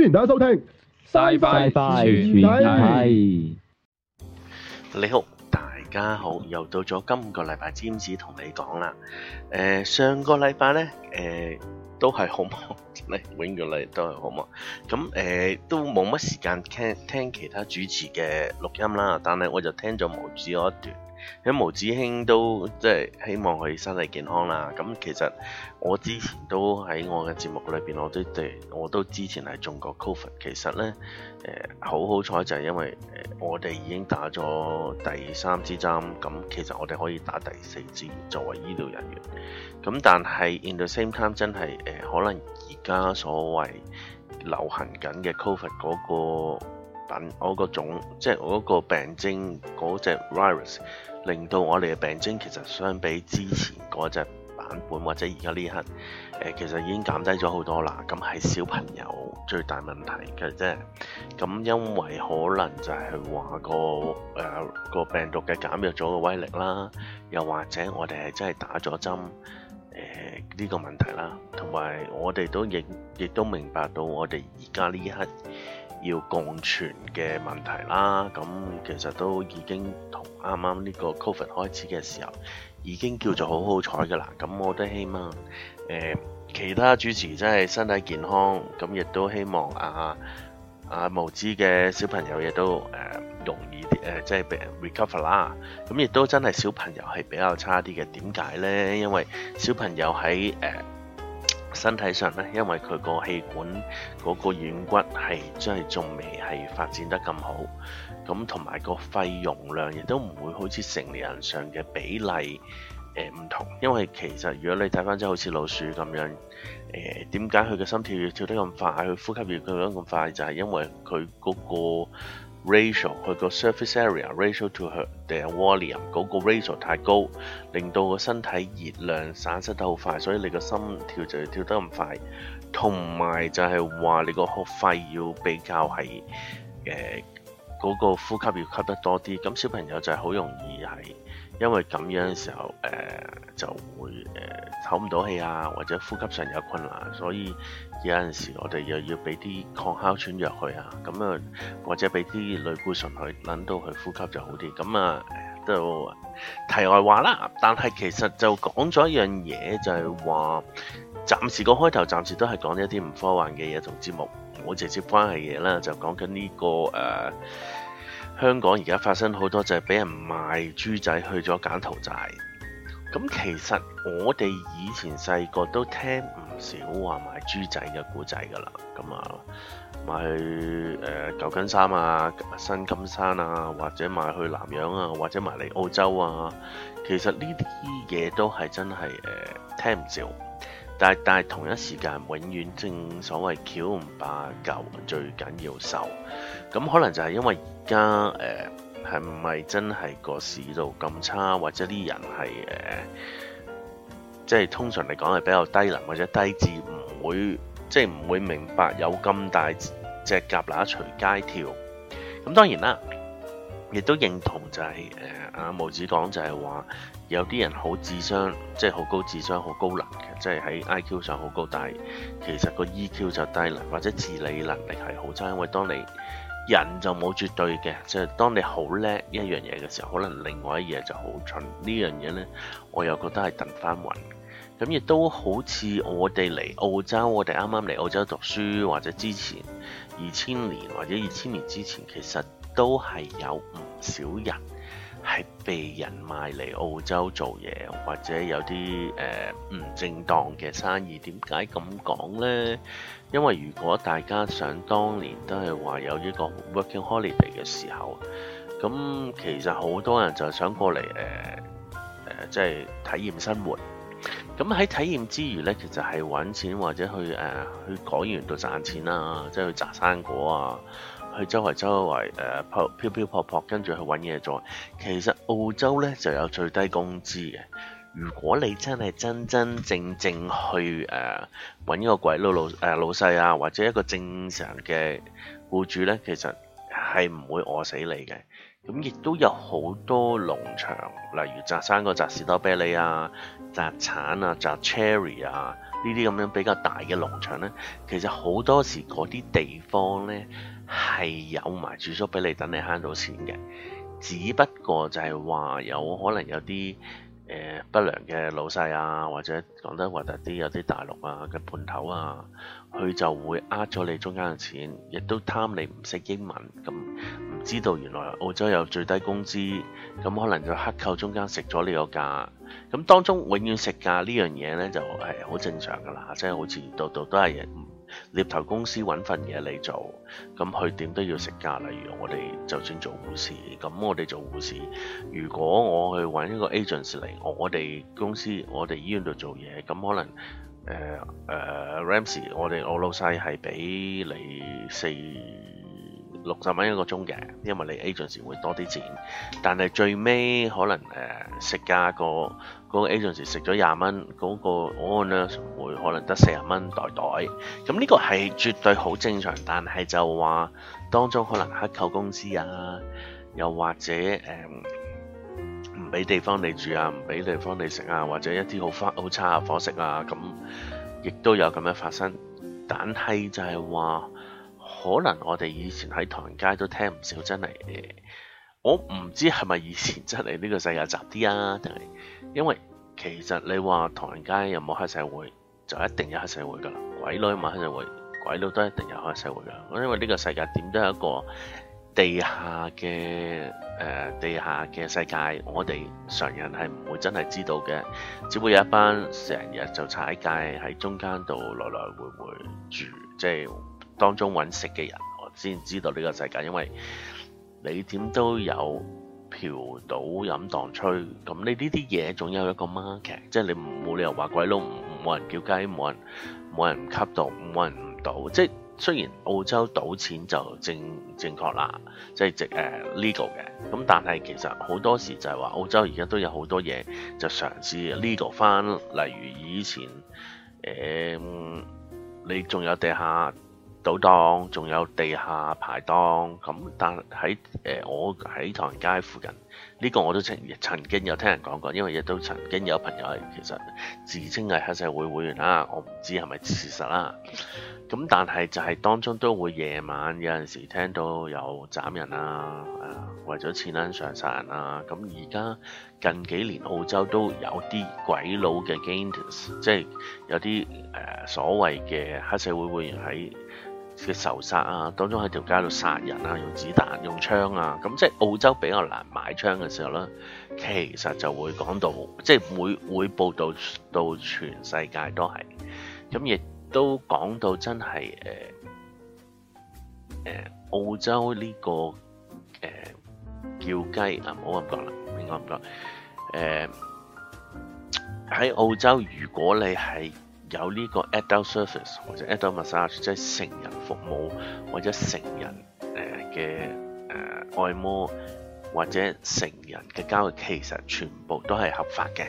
歡迎大家收聽，SciFi 全面睇，你好，大家好，又到咗今個禮拜 James 同你講啦。誒、呃，上個禮拜咧，誒、呃，都係好忙，嚟、嗯，永遠嚟都係好忙。咁誒，都冇乜時間聽聽其他主持嘅錄音啦。但係我就聽咗毛子嗰一段。咁毛子兄都即係希望佢身體健康啦。咁其實我之前都喺我嘅節目裏邊，我都對，我都之前係中過 Covid。其實呢，誒好好彩就係因為、呃、我哋已經打咗第三支針，咁其實我哋可以打第四支，作為醫療人員。咁但係 in the same time 真係誒、呃、可能而家所謂流行緊嘅 Covid 嗰個。我個種即係我嗰、那個病徵嗰隻 virus，令到我哋嘅病徵其實相比之前嗰隻版本或者而家呢刻，誒、呃、其實已經減低咗好多啦。咁係小朋友最大問題嘅啫，咁因為可能就係話個誒、呃、個病毒嘅減弱咗個威力啦，又或者我哋係真係打咗針，誒、呃、呢、這個問題啦，同埋我哋都亦亦都明白到我哋而家呢刻。要共存嘅問題啦，咁其實都已經同啱啱呢個 Covid 開始嘅時候已經叫做好好彩㗎啦。咁我都希望誒、呃、其他主持真係身體健康，咁亦都希望啊啊無知嘅小朋友亦都誒、呃、容易啲誒，即係俾 recover 啦。咁亦都真係小朋友係比較差啲嘅，點解呢？因為小朋友喺誒、呃身體上呢，因為佢個氣管嗰個軟骨係真係仲未係發展得咁好，咁同埋個肺容量亦都唔會好似成年人上嘅比例呃、唔同。因為其實如果你睇翻即好似老鼠咁樣誒，點解佢嘅心跳跳得咁快，佢呼吸越跳得咁快，就係、係、因為佢嗰、嗰個。ratio 佢個 surface area ratio to 佢定係 volume 嗰個 ratio 太高，令到個身體熱量散失得好快，所以你個心跳就要跳得咁快。同埋就係話你個胸肺要比較係嗰、呃嗰個呼吸要吸得多啲，咁小朋友就係好容易係。因為咁樣嘅時候，誒、呃、就會誒唞唔到氣啊，或者呼吸上有困難，所以有陣時我哋又要俾啲抗哮喘藥佢啊，咁啊或者俾啲類固醇佢，諗到佢呼吸就好啲。咁啊、呃，都題外話啦。但係其實就講咗一樣嘢，就係、是、話暫時個開頭暫時都係講一啲唔科幻嘅嘢同節目唔好直接關係嘢啦，就講緊呢個誒。呃香港而家發生好多就係俾人賣豬仔去咗柬埔寨，咁其實我哋以前細個都聽唔少話賣豬仔嘅故仔㗎喇，咁啊賣去誒舊金山啊、新金山啊，或者賣去南洋啊，或者賣嚟澳洲啊，其實呢啲嘢都係真係誒、呃、聽唔少，但係但係同一時間永遠正所謂橋唔怕舊，最緊要受。咁可能就係因為而家誒係唔係真係個市道咁差，或者啲人係誒即係通常嚟講係比較低能或者低智，唔會即係唔會明白有咁大隻夾乸隨街跳。咁當然啦，亦都認同就係誒阿毛子講就係話，有啲人好智商，即係好高智商，好高能嘅，即係喺 I Q 上好高，但係其實個 E Q 就低能或者自理能力係好差，因為當你人就冇絕對嘅，即係當你好叻一樣嘢嘅時候，可能另外一樣嘢就好蠢。呢樣嘢呢，我又覺得係揼翻勻。咁亦都好似我哋嚟澳洲，我哋啱啱嚟澳洲讀書，或者之前二千年或者二千年之前，其實都係有唔少人。係被人賣嚟澳洲做嘢，或者有啲誒唔正當嘅生意。點解咁講呢？因為如果大家想當年都係話有呢個 working holiday 嘅時候，咁其實好多人就係想過嚟誒即係體驗生活。咁喺體驗之餘呢，其實係揾錢或者去誒、呃、去果園度賺錢啦、啊，即、就、係、是、去摘生果啊。去周圍周圍誒，撲、呃、飄飄泊泊，跟住去揾嘢做。其實澳洲呢就有最低工資嘅。如果你真係真真正正去誒揾、呃、一個鬼佬、呃、老誒老細啊，或者一個正常嘅僱主呢，其實係唔會餓死你嘅。咁亦都有好多農場，例如摘生個摘士多啤梨啊、摘橙啊、摘 cherry 啊呢啲咁樣比較大嘅農場呢。其實好多時嗰啲地方呢，係有埋住宿俾你，等你慳到錢嘅。只不過就係、是、話有可能有啲誒、呃、不良嘅老細啊，或者講得核突啲，有啲大陸啊嘅盤頭啊，佢就會呃咗你中間嘅錢，亦都貪你唔識英文，咁、嗯、唔知道原來澳洲有最低工資，咁、嗯、可能就克扣中間食咗呢個價。咁、嗯嗯、當中永遠食價呢樣嘢呢，就係、是、好正常㗎喇，即係好似度度都係。獵頭公司搵份嘢嚟做，咁佢點都要食價。例如我哋就算做護士，咁我哋做護士，如果我去搵一個 agents 嚟，我哋公司我哋醫院度做嘢，咁可能誒誒、呃呃、Ramsey，我哋我老細係俾你四。六十蚊一個鐘嘅，因為你 agency 會多啲錢，但係最尾可能誒、呃、食價、嗰個 agency 食咗廿蚊，嗰、嗰個安咧會可能得四十蚊袋袋。咁呢個係絕對好正常，但係就話當中可能克扣工資啊，又或者誒唔俾地方你住啊，唔俾地方你食啊，或者一啲好花好差嘅伙食啊，咁亦都有咁樣發生。但係就係話。可能我哋以前喺唐人街都聽唔少，真係誒，我唔知係咪以前真係呢個世界雜啲啊！定係，因為其實你話唐人街有冇黑社會，就一定有黑社會噶啦。鬼佬有冇黑社會，鬼佬都一定有黑社會噶。因為呢個世界點都係一個地下嘅誒、呃，地下嘅世界，我哋常人係唔會真係知道嘅，只會有一班成日就踩界喺中間度來來回回住，即係，當中揾食嘅人，我先知道呢個世界，因為你點都有嫖賭飲蕩吹，咁你呢啲嘢總有一個 market，即係你冇理由話鬼佬冇人叫雞，冇人冇人唔吸毒，冇人唔賭。即係雖然澳洲賭錢就正正確啦，即係直誒 legal 嘅，咁但係其實好多時就係話澳洲而家都有好多嘢就嘗試 legal 翻、這個，例如以前誒、欸、你仲有地下。賭檔仲有地下排檔咁，但喺誒、呃、我喺唐人街附近呢、呢個我都曾曾經有聽人講過，因為亦都曾經有朋友係其實自稱係黑社會會員啦，我唔知係咪事實啦。咁但係就係當中都會夜晚有陣時候聽到有斬人啊，誒、啊、為咗錢啦上殺人啦、啊。咁而家近幾年澳洲都有啲鬼佬嘅 gangsters 即係有啲誒、呃、所謂嘅黑社會會員喺。嘅仇殺啊，當中喺條街度殺人啊，用子彈、用槍啊，咁即係澳洲比較難買槍嘅時候咧，其實就會講到，即係每會報道到全世界都係，咁亦都講到真係誒誒澳洲呢、呢個誒、呃、叫雞啊，唔好咁講啦，應該咁講。誒、呃、喺澳洲如果你係有呢個 adult service 或者 adult massage，即係成人服務或者成人誒嘅誒按摩或者成人嘅交易，其實全部都係合法嘅。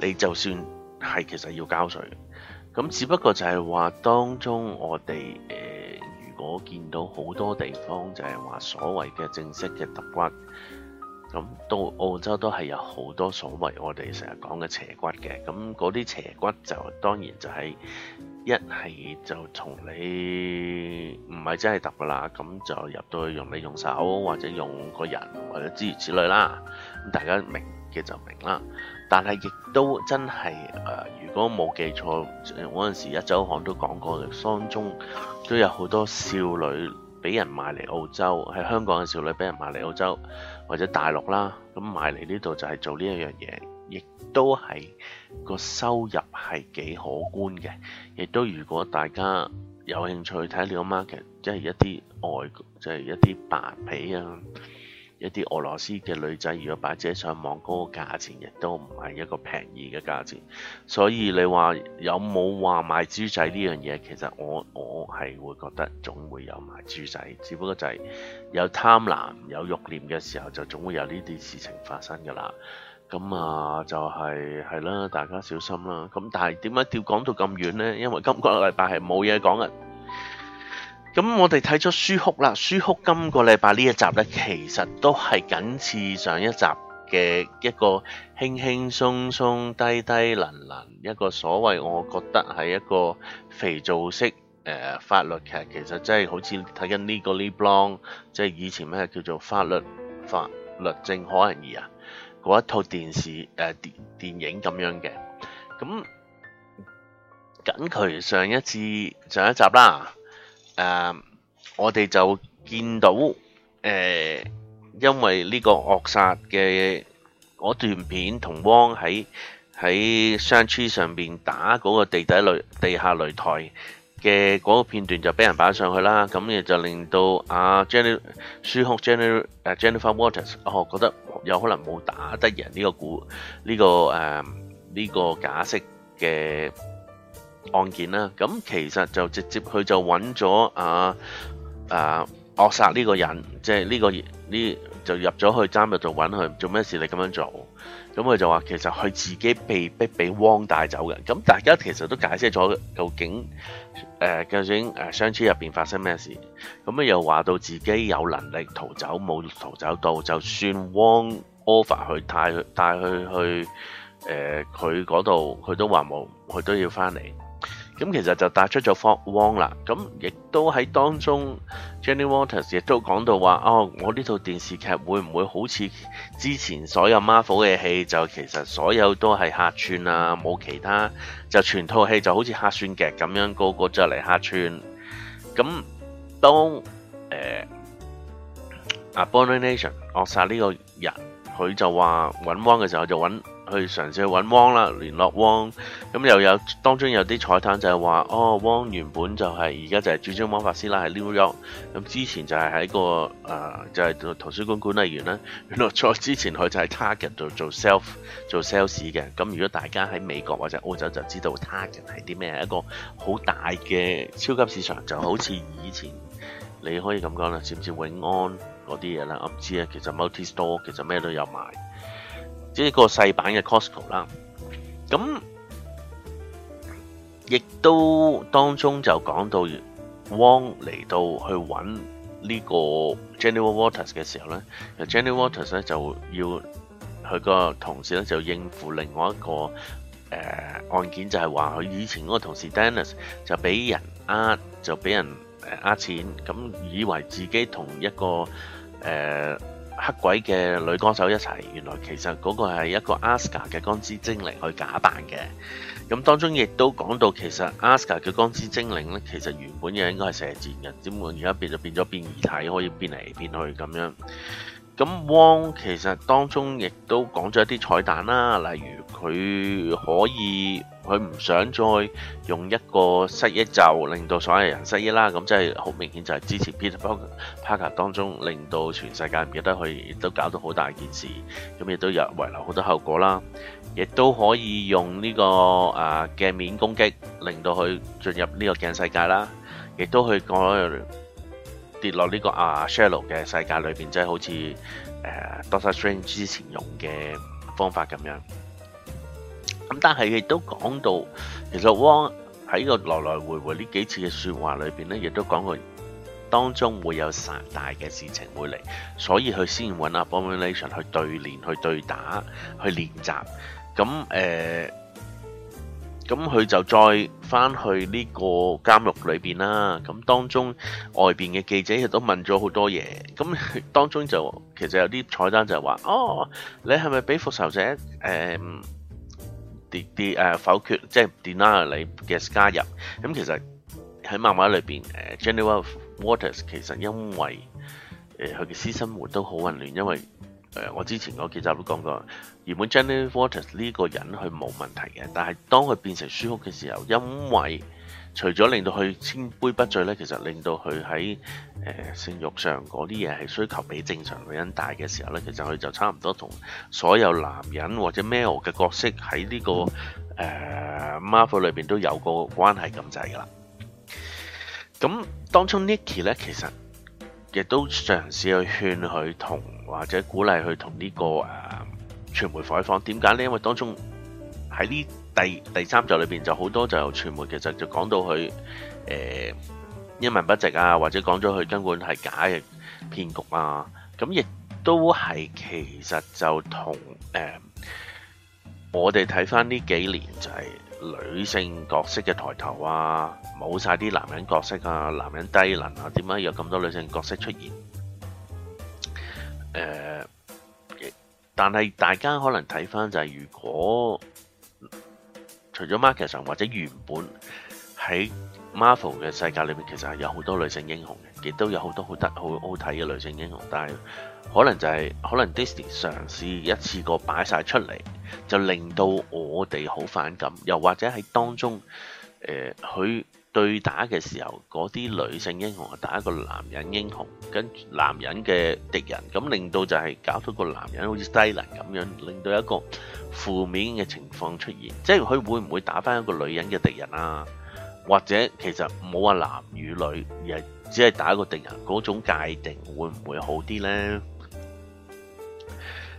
你就算係其實要交稅，咁只不過就係話當中我哋、呃、如果見到好多地方就係話所謂嘅正式嘅揼骨。咁到澳洲都係有好多所謂我哋成日講嘅邪骨嘅，咁嗰啲邪骨就當然就係、是、一係就同你唔係真係揼噶啦，咁就入到去用你用手或者用個人或者諸如此類啦。咁大家明嘅就明啦，但係亦都真係、呃、如果冇記錯，我嗰陣時壹週刊都講過嘅，當中都有好多少女。俾人賣嚟澳洲，喺香港嘅少女俾人賣嚟澳洲或者大陸啦，咁賣嚟呢度就係做呢一樣嘢，亦都係個收入係幾可觀嘅，亦都如果大家有興趣睇呢個 market，即係一啲外國即係、就是、一啲白皮啊。一啲俄羅斯嘅女仔，如果擺自己上網，嗰個價錢，亦都唔係一個便宜嘅價錢。所以你話有冇話買豬仔呢樣嘢？其實我我係會覺得總會有買豬仔，只不過就係有貪婪、有慾念嘅時候，就總會有呢啲事情發生㗎啦。咁啊，就係係啦，大家小心啦。咁但係點解要講到咁遠呢？因為今個禮拜係冇嘢講啊。咁我哋睇咗《She-Hulk》啦，《She-Hulk》今個禮拜呢一集呢，其實都係緊似上一集嘅一個輕輕鬆鬆、低低能能一個所謂，我覺得係一個肥皂式誒、呃、法律劇，其實真係好似睇緊呢個 LA Law，即係以前咩叫做法律法律正可能而啊嗰一套電視誒、呃、電電影咁樣嘅，咁緊佢上一次上一集啦。誒、um，我哋就見到誒、呃，因為呢個惡殺嘅段片同王喺喺山區上邊打嗰個地底擂地下擂台嘅嗰個片段就俾人擺上去啦，咁亦就令到阿 Jennifer 舒 Jennifer Walters 哦覺得有可能冇打得贏呢個股呢、這個誒呢、um, 個假釋嘅。案件啦，咁其實就直接佢就揾咗啊啊，惡殺呢個人，即係呢、呢個呢就入咗去，監獄度揾佢做咩事？你咁樣做，咁佢就話其實佢自己被逼俾汪帶走嘅。咁大家其實都解釋咗究竟誒、呃、究竟誒雙車入邊發生咩事？咁啊又話到自己有能力逃走冇逃走到，就算汪 offer 佢帶佢帶佢去誒佢嗰度，佢、呃、都話冇，佢都要翻嚟。咁其實就帶出咗汪啦，咁亦都喺當中 Jenny Walters 亦都講到話，哦，我呢套電視劇會唔會好似之前所有 Marvel 嘅戲，就其實所有都係客串啊，冇其他，就全套戲就好似客串劇咁樣，個個就嚟客串，咁當誒、呃、Abomination 惡殺呢個人，佢就話揾汪嘅時候就揾。去嘗試去揾汪啦，聯絡汪。咁又有當中有啲彩蛋就係話，哦，汪原本就係而家就係主張魔法師啦，係 New York。咁之前就係喺個誒、呃，就係圖書館管理員啦。原來再之前佢就係 Target 度做 self 做 sales 嘅。咁如果大家喺美國或者澳洲就知道 Target 係啲咩，一個好大嘅超級市場，就好似以前你可以咁講啦，似唔似永安嗰啲嘢啦我唔知啊。其實 Multi Store 其實咩都有賣。即係個細版嘅 Costco 啦，咁亦都當中就講到汪嚟到去揾呢個 Jennifer Waters 嘅時候咧，其實 Jennifer Waters 咧就要佢個同事咧就應付另外一個誒、呃、案件，就係話佢以前嗰個同事 Dennis 就俾人呃就俾人誒呃錢，咁以為自己同一個誒。呃黑鬼嘅女歌手一齊，原來其實嗰個係一個阿斯卡嘅光之精靈去假扮嘅。咁當中亦都講到，其實阿斯卡嘅光之精靈呢，其實原本嘅應該係射箭嘅，點解而家變咗變咗變異體，可以變嚟變去咁樣。咁汪其實當中亦都講咗一啲彩蛋啦，例如佢可以。佢唔想再用一個失憶就令到所有人失憶啦，咁即係好明顯就係支持 Peter Parker 當中令到全世界唔記得佢，亦都搞到好大件事，咁亦都有遺留好多後果啦，亦都可以用呢個誒鏡面攻擊令到佢進入呢個鏡世界啦，亦都去過跌落呢個啊 Shel 嘅世界裏邊，即係好似誒 Doctor Strange 之前用嘅方法咁樣。咁但係亦都講到，其實汪喺個來來回回呢幾次嘅說話裏面，咧，亦都講過當中會有殺大嘅事情會嚟，所以佢先揾阿 Abomination 去對練、去對打、去練習。咁誒，咁、呃、佢就再翻去呢個監獄裏面啦。咁當中外邊嘅記者亦都問咗好多嘢。咁當中就其實有啲彩蛋，就係話：哦，你係咪俾復仇者、呃啲否決，即係 deny 你嘅加入。咁其實喺漫畫裏面 Jennifer Waters 其實因為誒佢嘅私生活都好混亂，因為我之前幾集都講過。原本 Jennifer Waters 呢個人佢冇問題嘅，但係當佢變成舒服嘅時候，因為除咗令到佢千杯不醉咧，其實令到佢喺誒性慾上嗰啲嘢係需求比正常女人大嘅時候咧，其實佢就差唔多同所有男人或者 male 嘅角色喺呢、這個誒、呃、Marvel 裏邊都有個關係咁滯噶啦。咁當中 Nikki 咧，其實亦都嘗試去勸佢同或者鼓勵佢同呢個誒傳、呃、媒採訪。點解呢？因為當中喺呢第第三集裏邊就好多就傳媒，其實就講到佢誒一文不值啊，或者講咗佢根本係假嘅騙局啊。咁亦都係其實就同誒、呃、我哋睇翻呢幾年就係女性角色嘅抬頭啊，冇晒啲男人角色啊，男人低能啊，點解有咁多女性角色出現？誒、呃，但係大家可能睇翻就係如果。除咗 market 上或者原本喺 Marvel 嘅世界裏面，其實係有好多女性英雄嘅，亦都有好多好得好好睇嘅女性英雄，但係可能就係，可能 Disney 嘗試一次過擺晒出嚟，就令到我哋好反感，又或者喺當中誒佢。呃對打嘅時候，嗰啲女性英雄啊打一個男人英雄，跟男人嘅敵人，咁令到就係、是、搞到個男人好似低能咁樣，令到一個負面嘅情況出現。即係佢會唔會打返一個女人嘅敵人啊？或者其實唔好話男與女，而係只係打一個敵人嗰種界定會唔會好啲呢？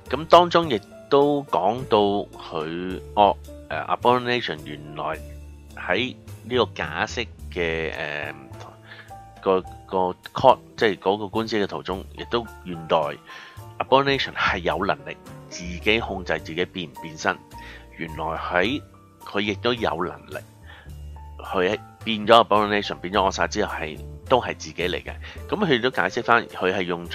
咁當中亦都講到佢哦誒 Abomination 原來喺。呢、這個假釋嘅誒個個 court，即係嗰個官司嘅途中，亦都原來 abomination 係有能力自己控制自己變唔變身。原來喺佢亦都有能力，佢變咗 abomination，變咗惡殺之後係都係自己嚟嘅。咁佢都解釋翻，佢係用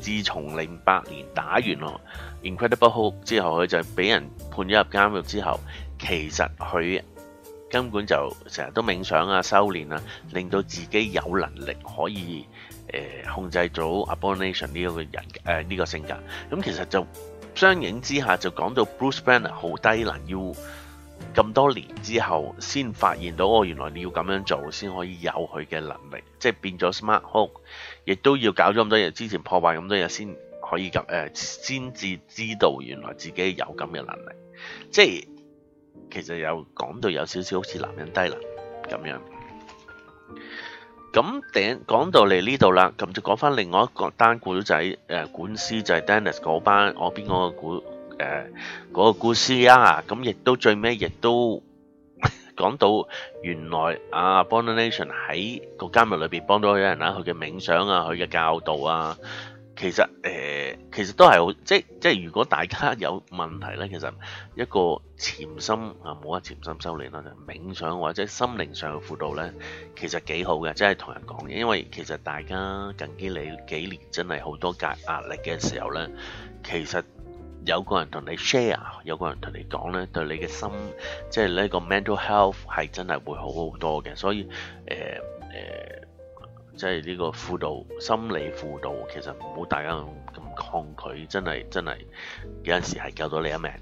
自從零八年打完咯，Incredible Hulk 之後，佢就俾人判咗入監獄之後，其實佢。根本就成日都冥想啊、修練啊，令到自己有能力可以誒、呃、控制到 Abomination 呢個人誒呢、呃這個性格。咁、嗯、其實就相應之下就講到 Bruce Banner 好低能，要咁多年之後先發現到，我、哦、原來你要咁樣做先可以有佢嘅能力，即係變咗 Smart Hulk，亦都要搞咗咁多嘢，之前破壞咁多嘢先可以咁，先至知道原來自己有咁嘅能力，即係。其實又講到有少少好似男人低能咁樣，咁頂講到嚟呢度啦，咁就講翻另外一個單故仔，誒，管師就係 Dennis 嗰班，我邊個古誒嗰個故事啊，咁亦都最尾亦都講到原來啊，Foundation 喺個監獄裏邊幫到有人啦，佢嘅冥想啊，佢嘅教導啊。其實誒、呃，其實都係好，即即係如果大家有問題咧，其實一個潛心啊，冇話潛心修煉啦，即係、冥想或者心靈上嘅輔導咧，其實幾好嘅，即係同人講嘢，因為其實大家近幾你幾年真係好多壓壓力嘅時候咧，其實有個人同你 share，有個人同你講咧，對你嘅心，即係呢一個 mental health 係真係會好好多嘅，所以誒誒。呃呃即係呢個輔導心理輔導，其實唔好大家咁抗拒，真係真係有陣時係救到你一命。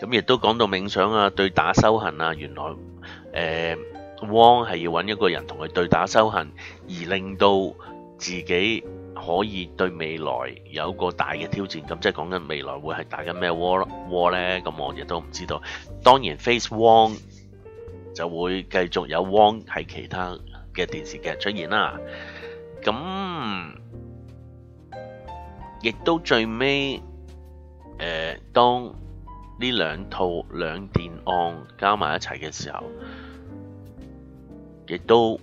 咁亦都講到冥想啊、對打修行啊，原來誒、呃、汪係要揾一個人同佢對打修行，而令到自己可以對未來有個大嘅挑戰。咁即係講緊未來會係打緊咩汪咯？汪呢咁我亦都唔知道。當然 Face One 汪就會繼續有汪係其他嘅電視劇出現啦，咁亦都最尾誒、呃，當呢兩套兩電案加埋一齊嘅時候，亦都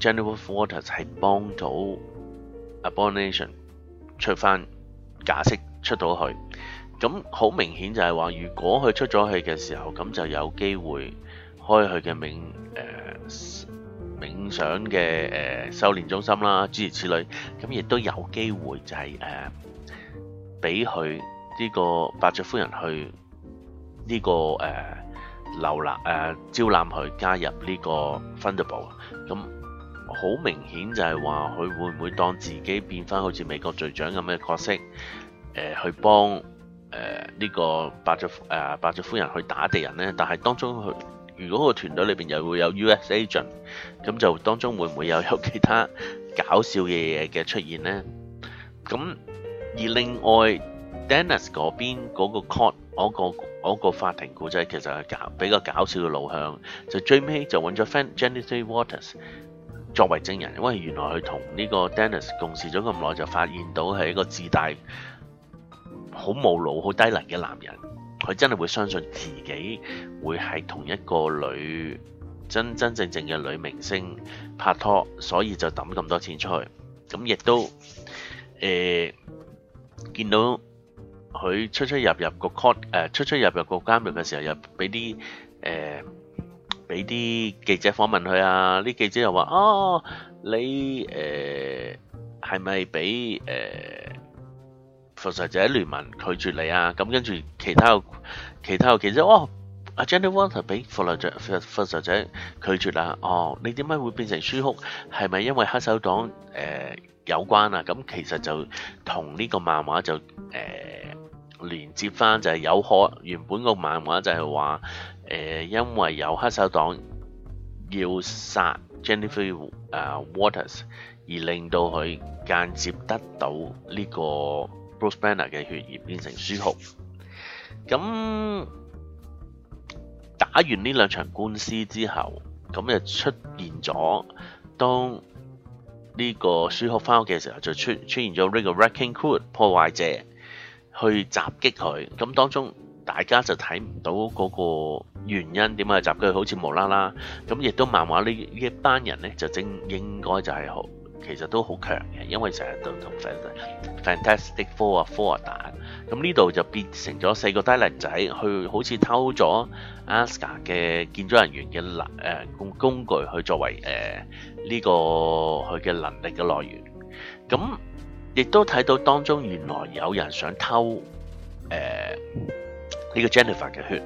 Jennifer Walters 係幫到 Abomination 出翻假釋出到去，咁好明顯就係話，如果佢出咗去嘅時候，咁就有機會開佢嘅名冥想嘅誒、呃、修煉中心啦，諸如此類，咁亦都有機會就係、是、誒，俾佢呢個伯爵夫人去呢、這個誒留攬誒招攬佢加入呢個 Thunderbolts，咁好明顯就係話佢會唔會當自己變翻好似美國隊長咁嘅角色，誒、呃、去幫誒呢、呃這個伯爵夫伯爵夫人去打敵人咧？但係當中佢。如果個團隊裏面又會有 US agent，咁就當中會唔會有有其他搞笑嘅嘢嘅出現呢？咁而另外 Dennis 嗰邊嗰個 court 嗰個嗰個法庭故仔其實係搞比較搞笑嘅路向，就最尾就揾咗 friend Janice Waters 作為證人，因為原來佢同呢個 Dennis 共事咗咁耐，就發現到係一個自大、好冇腦、好低能嘅男人。佢真係會相信自己會係同一個女真真正正嘅女明星拍拖，所以就抌咁多錢出去。咁亦都誒見到佢出出入入個 court，誒出出入入個監獄嘅時候，又俾啲誒俾啲記者訪問佢啊！啲記者又話：哦，你誒係咪俾誒？復仇者聯盟拒絕你啊！咁跟住其他，其他其實哦，阿 Jennifer 俾復仇者復復仇者拒絕啦。哦，你點解會變成 She-Hulk？係咪因為黑手黨誒有關啊？咁其實就同呢個漫畫就誒連接翻，就係有可原本個漫畫就係話誒，因為有黑手黨要殺 Jennifer 啊 Walters，而令到佢間接得到呢個。Bruce Banner 嘅血液變成舒克，咁打完呢兩場官司之後，咁就出現咗。當呢個舒克翻屋嘅時候，就出出現咗呢個 Wrecking Crew 破壞者去襲擊佢。咁當中大家就睇唔到嗰個原因點解襲擊佢，好似無啦啦。咁亦都漫畫一呢一班人咧，就正應該就係好。其實都好強嘅，因為成日都同 Fantastic Four 啊 Four 啊打，咁呢度就變成咗四個低能仔去好似偷咗 Aska 嘅建築人員嘅能誒工、呃、工具去作為誒呢、呃呢個佢嘅能力嘅來源，咁亦都睇到當中原來有人想偷誒呢、呃呢個 Jennifer 嘅血，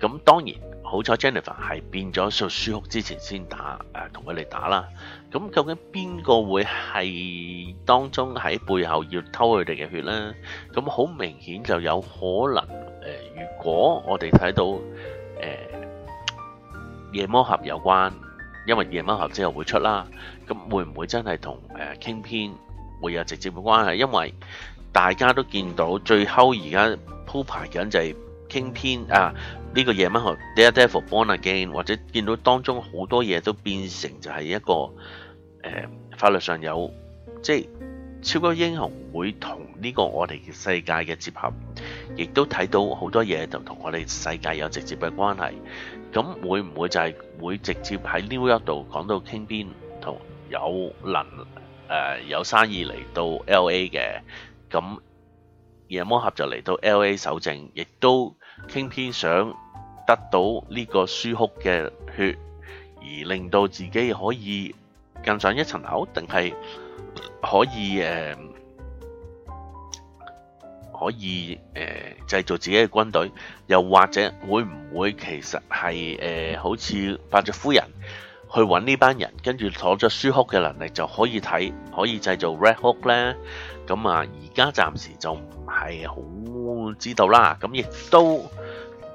咁當然。好彩 Jennifer 係變咗上書屋之前先打誒同佢哋打啦，咁究竟邊個會係當中喺背後要偷佢哋嘅血咧？咁好明顯就有可能誒、呃，如果我哋睇到誒、呃、夜魔俠有關，因為夜魔俠之後會出啦，咁會唔會真係同誒傾篇會有直接嘅關係？因為大家都見到最後而家鋪排緊就係、是。傾篇啊！呢、這個夜魔俠《Daredevil Born Again》，或者見到當中好多嘢都變成就係一個誒、呃、法律上有即係超級英雄會同呢個我哋嘅世界嘅接合，亦都睇到好多嘢就同我哋世界有直接嘅關係。咁會唔會就係會直接喺 New York 度講到傾篇，同有能誒有生意嚟到 LA 嘅咁夜魔俠就嚟到 LA 守證，亦都。傾偏想得到呢個 She-Hulk 嘅血，而令到自己可以更上一層樓，定係可以誒、呃、可以誒、呃、製造自己嘅軍隊，又或者會唔會其實係誒、呃、好似伯爵夫人？去揾呢班人，跟住攞咗書哭嘅能力就可以睇，可以製造 Red Hulk 咧。咁啊，而家暫時就唔係好知道啦。咁亦都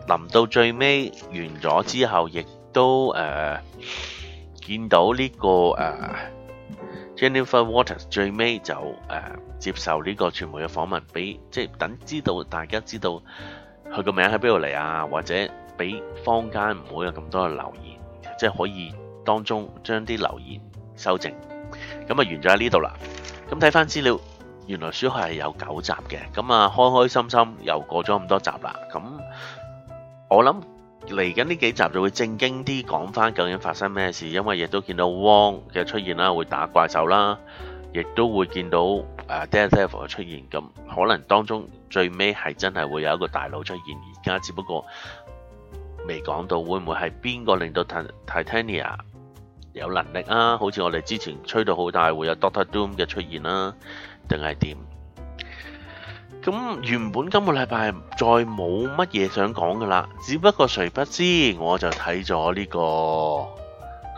臨到最尾完咗之後，亦都誒、呃、見到呢、這個誒、呃、Jennifer Walters 最尾就誒、呃、接受呢個傳媒嘅訪問俾即係等知道大家知道佢個名喺邊度嚟啊，或者俾坊間唔好有咁多嘅留言，即係可以。當中將啲留言修正，咁啊，完咗喺呢度啦。咁睇翻資料，原來書係有九集嘅，咁啊，開開心心又過咗咁多集啦。咁我諗嚟緊呢幾集就會正經啲講翻究竟發生咩事，因為亦都見到汪嘅出現啦，會打怪獸啦，亦都會見到誒 Death Devil 嘅出現，咁可能當中最尾係真係會有一個大佬出現，而家只不過未講到會唔會係邊個令到 Titania？有能力啊！好似我哋之前吹到好大，會有 Doctor Doom 嘅出現啦、啊，定係點？咁原本今個禮拜再冇乜嘢想講噶啦，只不過誰不知，我就睇咗呢個《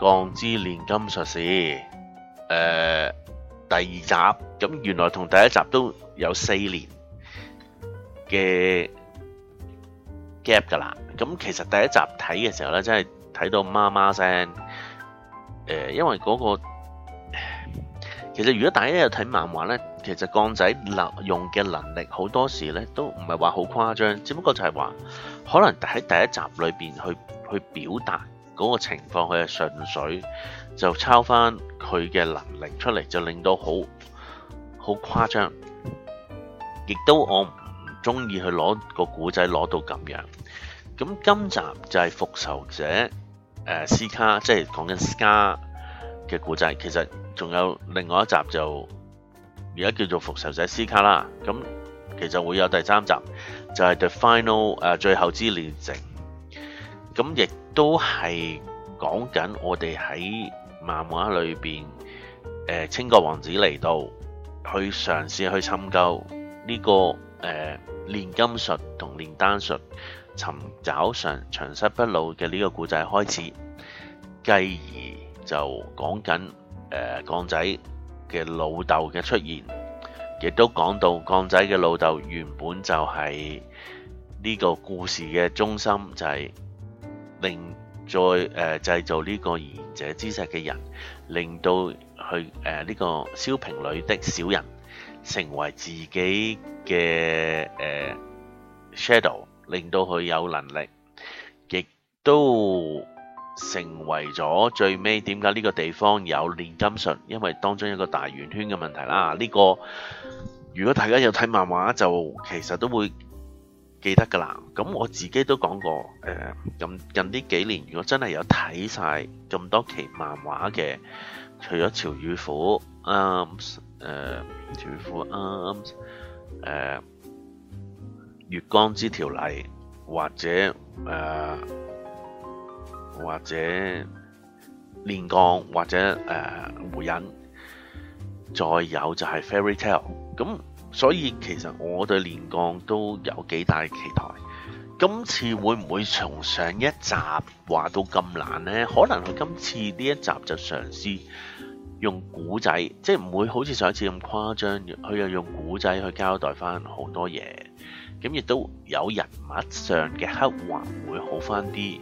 鋼之煉金術師》誒、呃、第二集。咁原來同第一集都有四年嘅 gap 噶啦。咁其實第一集睇嘅時候咧，真係睇到麻麻聲。誒，因為嗰個其實如果大家有睇漫畫呢，其實鋼仔能用嘅能力好多時呢都唔係話好誇張，只不過就係話可能喺第一集裏邊去去表達嗰個情況，佢嘅純粹就抄翻佢嘅能力出嚟，就令到好好誇張，亦都我唔中意去攞個古仔攞到咁樣。咁今集就係復仇者。誒、呃、斯卡，即係講緊斯卡嘅古仔。其實仲有另外一集就而家叫做《復仇者斯卡》啦。咁其實會有第三集，就係、是、The Final、呃、最後之鍊成。咁亦都係講緊我哋喺漫畫裏面，誒、呃，清國王子嚟到去嘗試去尋究呢個誒煉、呃、金術同煉丹術。尋找上長生不老嘅呢個故仔開始，繼而就講緊誒鋼仔嘅老豆嘅出現，亦都講到鋼仔嘅老豆原本就係呢個故事嘅中心，就係、是、令再誒、呃、製造呢個賢者之石嘅人，令到佢誒呢個燒瓶裏的小人成為自己嘅誒、呃、shadow。令到佢有能力，亦都成為咗最尾點解呢個地方有煉金術？因為當中有個大圓圈嘅問題啦。呢個如果大家有睇漫畫，就其實都會記得噶啦。咁我自己都講過，誒，咁近呢幾年，如果真係有睇晒咁多期漫畫嘅，除咗潮與虎，arms，潮與虎 arms，誒。月光之條例，或者誒、呃，或者連鋼，或者誒湖人，再有就係 Fairytale。咁所以其實我對連鋼都有幾大期待。今次會唔會從上一集話到咁難呢？可能佢今次呢一集就嘗試。用古仔，即係唔會好似上一次咁誇張。佢又用古仔去交代翻好多嘢，咁亦都有人物上嘅刻畫會好翻啲、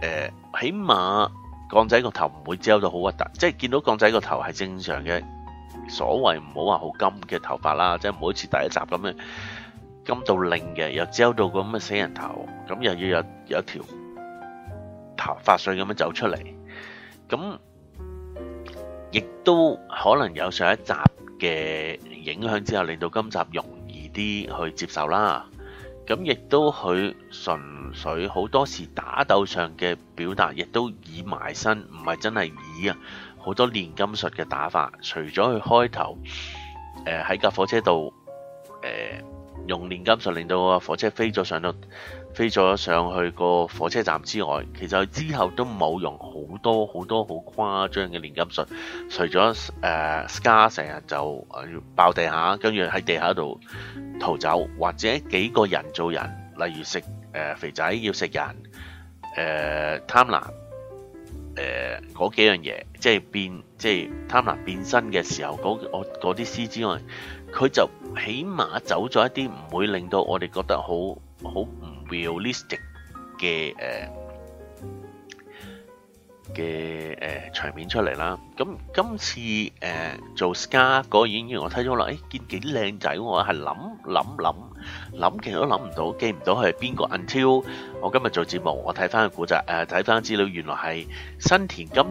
呃。起碼鋼仔個頭唔會焦到好核突，即係見到鋼仔個頭係正常嘅，所謂唔好話好金嘅頭髮啦，即係唔好似第一集咁樣金到令嘅，又焦到咁嘅死人頭，咁又要有有條頭髮碎咁樣走出嚟，咁。亦都可能有上一集嘅影響之後，令到今集容易啲去接受啦。咁亦都佢純粹好多時打鬥上嘅表達，亦都以埋身，唔係真係以啊好多煉金術嘅打法。除咗佢開頭，喺、呃、架火車度，呃用鍊金術令到個火車飛咗上到，飛咗上去個火車站之外，其實之後都冇用好多好多好誇張嘅鍊金術。除咗誒 Scar 成日就爆地下，跟住喺地下度逃走，或者幾個人做人，例如食誒、呃、肥仔要食人，誒貪婪嗰幾樣嘢，即係變即係貪婪變身嘅時候嗰啲詩之外。佢就起碼走咗一啲唔會令到我哋覺得好好唔 realistic 嘅誒嘅誒場面出嚟啦。咁今次誒做 Scar 嗰個演員，我睇咗落，誒見幾靚仔，我係諗諗諗諗，其實都諗唔到，記唔到佢係邊個。Until 我今日做節目，我睇翻個古仔，誒睇翻資料，原來係新田金，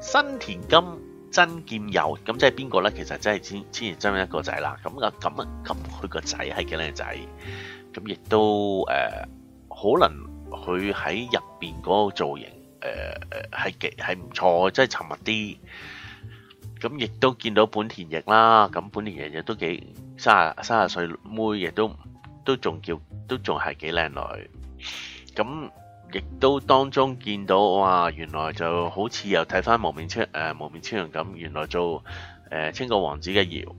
新田金。真劍佑，咁即係邊個咧？其實真係千千葉真一個仔啦。咁啊咁啊咁，佢個仔係幾靚仔。咁亦都誒，可能佢喺入邊嗰個造型誒誒，係幾係唔錯，即係沉默啲。咁亦都見到本田翼啦。咁本田翼亦都幾卅啊卅啊歲妹，亦都都仲叫都仲係幾靚女。咁。亦都當中見到哇，原來就好似又睇翻幪面超誒幪面超人咁，原來做誒青國王子嘅姚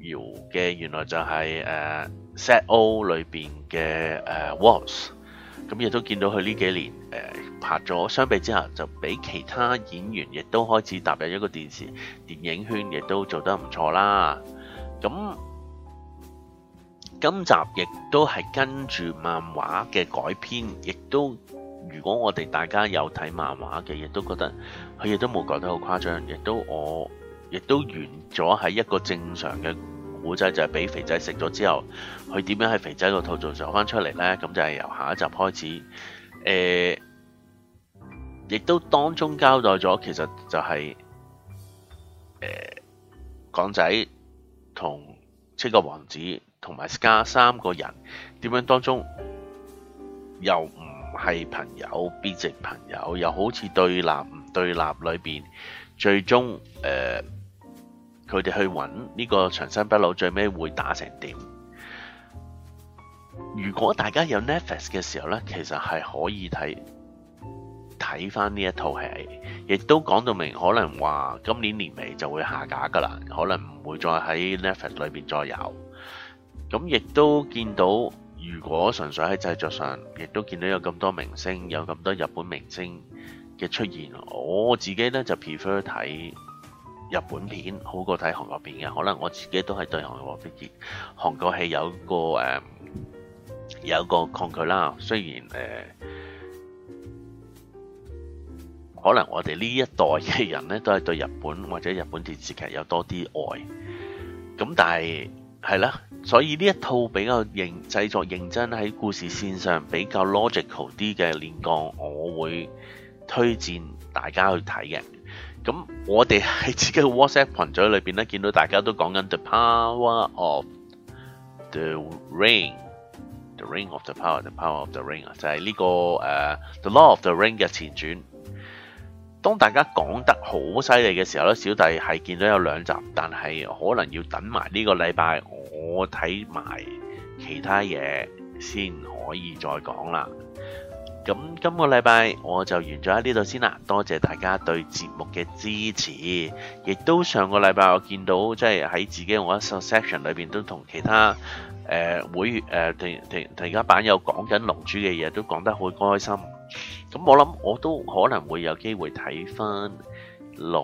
姚嘅，的原來就係誒 Set O 裏邊嘅誒 Waltz，咁亦都見到佢呢幾年誒、呃、拍咗，相比之下就比其他演員亦都開始踏入一個電視電影圈，亦都做得唔錯啦，咁、嗯。今集亦都係跟住漫畫嘅改編，亦都如果我哋大家有睇漫畫嘅，亦都覺得佢亦都冇改得好誇張，亦都我亦都完咗喺一個正常嘅古仔，就係、是、俾肥仔食咗之後，佢點樣喺肥仔個肚做上翻出嚟呢？咁就係由下一集開始，誒、呃，亦都當中交代咗，其實就係、是呃、港仔同七個王子。同埋 Scar 三個人點樣當中又唔係朋友，變成朋友，又好似對立唔對立。裏邊最終誒、佢哋去揾呢個長生不老，最尾會打成點？如果大家有 Netflix 嘅時候呢，其實係可以睇睇翻呢一套戲，亦都講到明，可能話今年年尾就會下架㗎喇，可能唔會再喺 Netflix 裏邊再有。咁亦都見到，如果純粹喺製作上，亦都見到有咁多明星，有咁多日本明星嘅出現。我自己呢，就 prefer 睇日本片，好過睇韓國片嘅。可能我自己都係對韓國嘅嘢，韓國戲有個、嗯、有個抗拒啦。雖然、呃、可能我哋呢一代嘅人呢，都係對日本或者日本電視劇有多啲愛。咁但係係啦。所以呢一套比較認製作認真，喺故事線上比較 logical 啲嘅練江，我會推薦大家去睇嘅。咁我哋喺自己嘅 WhatsApp 群組裏邊咧，見到大家都講緊 The Power of the Ring》，《The Ring of the Power》，《The Power of the Ring、這個》啊，就係呢個誒 The Law of the Ring》嘅前傳。當大家講得好犀利嘅時候咧，小弟係見到有兩集，但係可能要等埋呢個禮拜。我睇埋其他嘢先可以再講啦。咁今個禮拜我就完咗喺呢度先啦。多謝大家對節目嘅支持，亦都上個禮拜我見到即係喺自己我一 section 裏邊都同其他誒、呃、會誒、呃、停停同其他版友講緊龍珠嘅嘢，都講得好開心。咁我諗我都可能會有機會睇翻來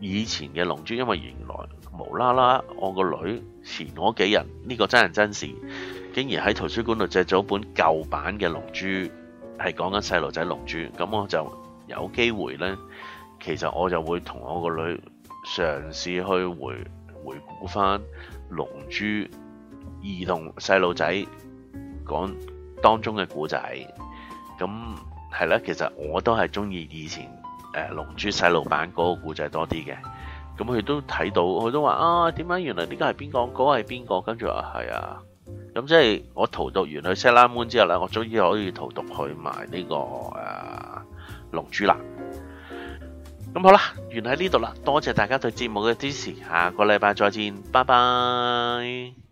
以前嘅龍珠，因為原來。無啦啦，我個女前嗰幾日呢個真人真事，竟然喺圖書館度借咗本舊版嘅《龍珠》，係講緊細路仔《龍珠》。咁我就有機會呢，其實我就會同我個女嘗試去回回顧翻《龍珠》兒童細路仔講當中嘅故仔。咁係啦，其實我都係中意以前誒《龍珠》細路版嗰個故仔多啲嘅。咁佢都睇到，佢都話啊，點解原來呢個係邊個嗰係邊個？跟住話係啊，咁即係我荼毒完去 s 佢《塞拉門》之後啦，我終於可以荼毒去埋、這、呢個誒《龍、啊、珠》啦。咁好啦，原喺呢度啦，多謝大家對節目嘅支持，下個禮拜再見，拜拜。